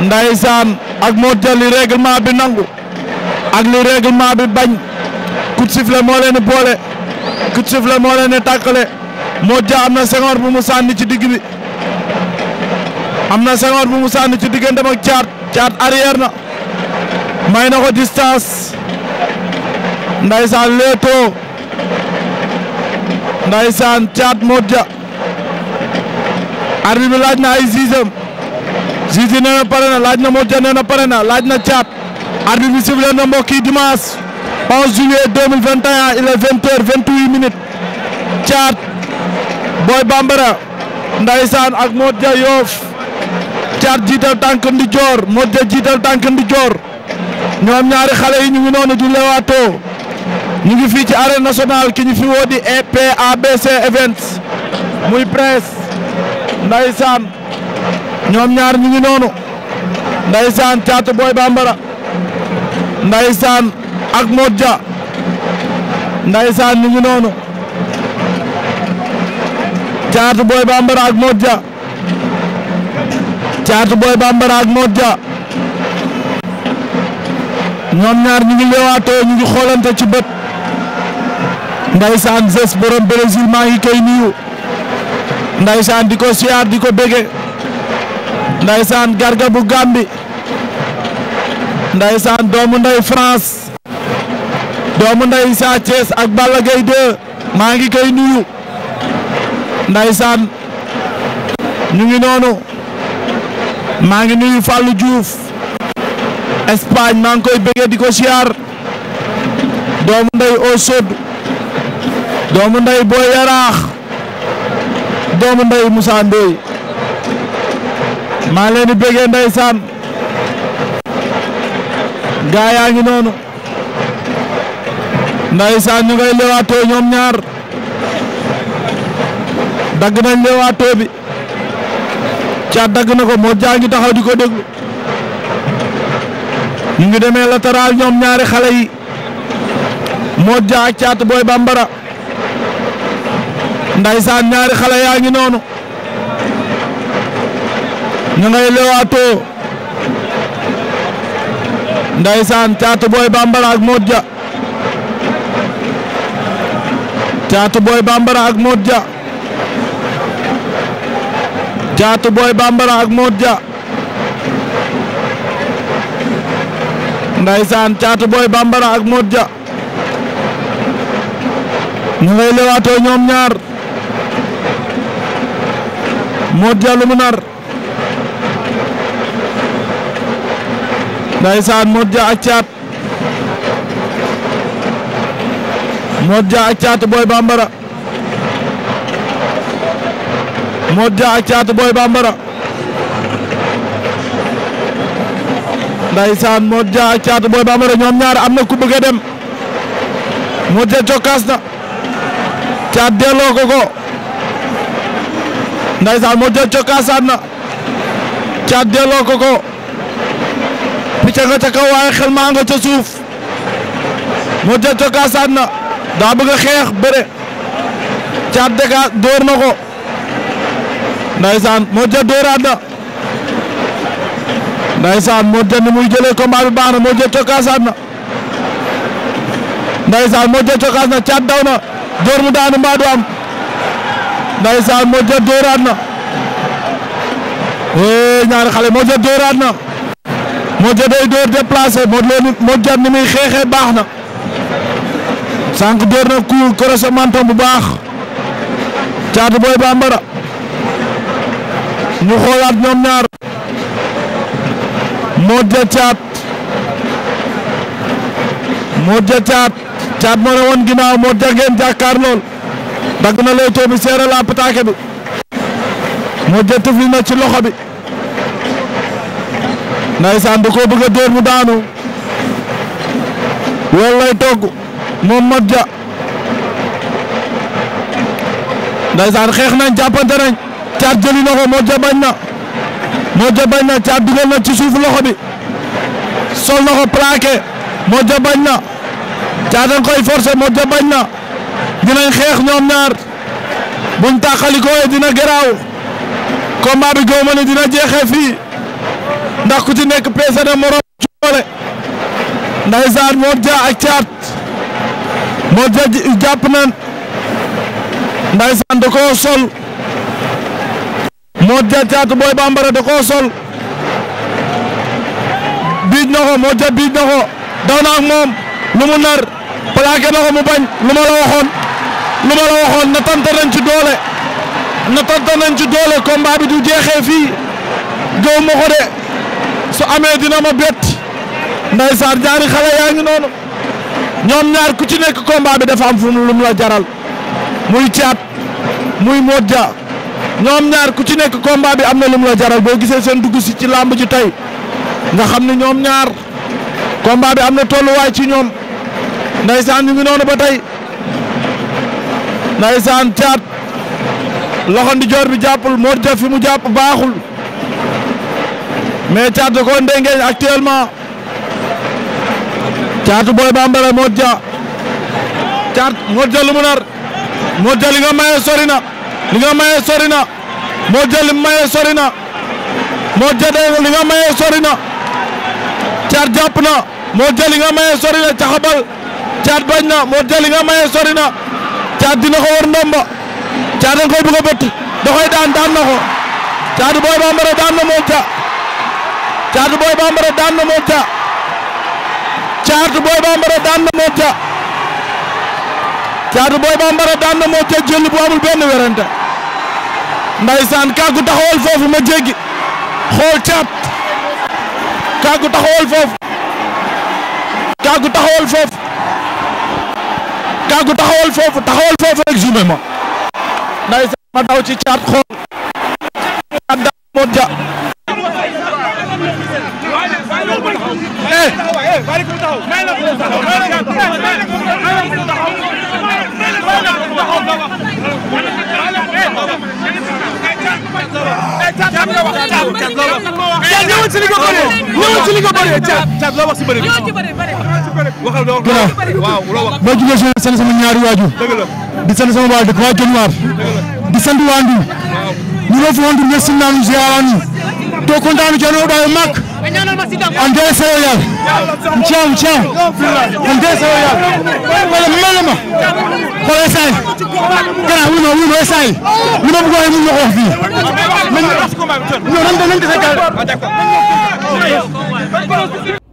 ndaysaan ak moo te li règlement bi nangu ak li règlement bi bañ coup de sifflet moo leen boole coup de sifflet moo leen tàqale moo ja am na sengoor bu mu sànni ci digg bi am na sengoor bu mu sànni ci digganteem ak caat caat arrière na may na ko distance ndaysaan leetoo ndaysaan caat moo ja arbitre bi laaj na ay sixième Zizi nee na laaj na Modja nee na pare na laaj na caat arbitre bi sifflé na mbokk yi dimanche 11 juillet 2021 il est 20 heures 28 minutes caat Boy Bambara ndaysaan ak Modja Yoff caat jiital tànk ndi joor Modja jiital tànk ndi joor ñoom ñaari xale yi ñu ngi noonu di lewaatoo ñu ngi fii ci arène nationale ki ñu fi woo di EPABC events muy presse ndaysaan ñoom ñaar ñu ngi noonu ndaysaan Caatu Boy Bambara ndaysaan ak Mod Dia ndaysaan ñu ngi noonu Caatu Boy Bambara ak Mod Dia Caatu Boy Bambara ak Mod Dia ñoom ñaar ñu ngi leewaatoo ñu ngi xoolante ci bët ndaysaan Zes borom Brésil maa ngi koy nuyu ndaysaan di ko siyaar di ko bége ndaysaan garga bu gambi ndaysaan doomu nday France doomu nday Sa Thiès ak Balla Gaye maa ngi koy nuyu ndaysaan ñu ngi noonu maa ngi nuyu Fallou Diouf Espagne maa ngi koy bëggee di ko siyaar doomu nday Osod doomu nday Boy doomu nday Moussa maa leen di bëggee saan gaa yaa ngi noonu ndeysaan ñu ngay lewaatoo ñoom ñaar dagg nañ lewaatoo bi caat dagg na ko moo jaa ngi taxaw di ko déglu ñu ngi demee latéral ñoom ñaari xale yi moo jaa caat booy bambara ndeysaan ñaari xale yaa ngi noonu ñu ngay lewaatoo ndaysaan Thiatou Boy Bambara ak Modou Dia Thiatou Boy Bambara ak Modou Dia Thiatou Boy Bambara ak Modou Dia ndaysaan Thiatou Boy Bambara ak Modou Dia ñu ngay lewaatoo ñoom ñaar Modou Dia lu mu nar ndaysaan Modou Dia ak Thiat Modou Dia ak Thiat Boy Bambara Modou Dia ak Thiat Boy Bambara ndaysaan Modou Dia ak Thiat Boy Bambara ñoom ñaar am na ku bëgg a dem Modou Dia na Thiat delloo ko ko ndaysaan Modou Dia jokkaasaat na Thiat delloo ko ko wàcce nga ca kaw waaye xel maa nga ca suuf moo jël cokkaas aat na daa bëgg xeex bëre caat dekaas dóor na ko ndaysaan moo jël dóoraat na moo jël ni muy jëlee combat baax na moo jël cokkaas aat na moo jël cokkaas na caat daw na dóor mu daanu mbaa du am ndaysaan moo jël dóoraat na hee ñaari xale moo jël dóoraat na Modou Dia door déplacé Modou Lo Modou Dia ni muy baax na sànq der na ku croisé menton bu baax Thiatou Boy Bambara ñu xoolaat ñoom ñaar Modou Dia Thiat Modou Dia Thiat Thiat moo ne woon ginnaaw Modou Dia ngeen jàkkaar lool dagg na loo too bi seere bi Modou Dia na ci loxo bi naa da koo bëgg a dóor mu daanu loolu lay moom Mat Dia ndaysaan xeex nañ jàppante nañ caat jëli na ko Mat Dia bañ na Mat Dia bañ na ci suuf loxo bi sol na ko plaqué Mat Dia bañ na caat dañ koy forcer Mat Dia na dinañ xeex ñoom ñaar buñ tàqalikoo dina garaaw combat bi góob ma ne dina jeexee fii. ndax ku ci nekk peese na morom ci doole ndaysaan Mod Dia ak Caat Mod Dia jàpp nan ndaysaan da koo sol Mod Dia Caat Boy Bambara da koo na ko Mod Dia na ko daw na moom lu mu nar plaqué na ko mu bañ lu ma la waxoon na tanta nañ ci doole na tanta nañ ci doole combat bi du jeexee fii gëw ma ko su amee dina ma bett ndeysaan ñaari xale yaa ngi noonu ñoom ñaar ku ci nekk combat bi dafa am fu mu lu mu la jaral muy caat muy modja ñoom ñaar ku ci nekk combat bi am na lu mu la jaral boo gisee seen dugg si ci làmb ji tey nga xam ne ñoom ñaar combat bi am na tolluwaay ci ñoom ndeysaan ñu ngi noonu ba tey ndeysaan caat loxo ndijoor bi jàppul modja fi mu jàpp baaxul mais caatu ko ndengeñ actuellement caatu Boy Bambara Mod Dia caat Mod Dia lu mu nar Mod Dia li nga maye sori na li nga sori na Mod Dia li sori na Mod Dia li nga maye sori na caat jàpp na Mod Dia li nga maye sori na caxabal caat nga maye sori na caat dina ko war ndomba caat dañ koy bëgg a bët da koy daan daan na ko caatu Boy Bambara daan na Mod caatu booy bambara daan na Modja caatu booy bambara daan na Modja caatu booy bambara daan na Modja jël bu amul benn werante foofu ma jéggi xool caat kàggu taxawal foofu kàggu taxawal foofu kàggu taxawal foofu foofu rek jume ma ma daw ci caat xool caat daan na Modja Thiat nga wax Thiat Thiat loo wax. Thiat ñëwal ci li nga bëree ñëwal ci li si bëri bi. waxal ma jógee si sant sama ñaari waajur. dëgg la di sant sama waa dëkk waa Dionewar. di sant waa Ndour. di ñëw si naan ñu ziaraan ñu. doo kontaan ci anoo daay màkk. en deux seo yàlla. Thiam Thiam. en deux seo yàlla. xoolal mel na ma. xoolal saa mais ñun ñoo doon dañu gisee gàllankoor.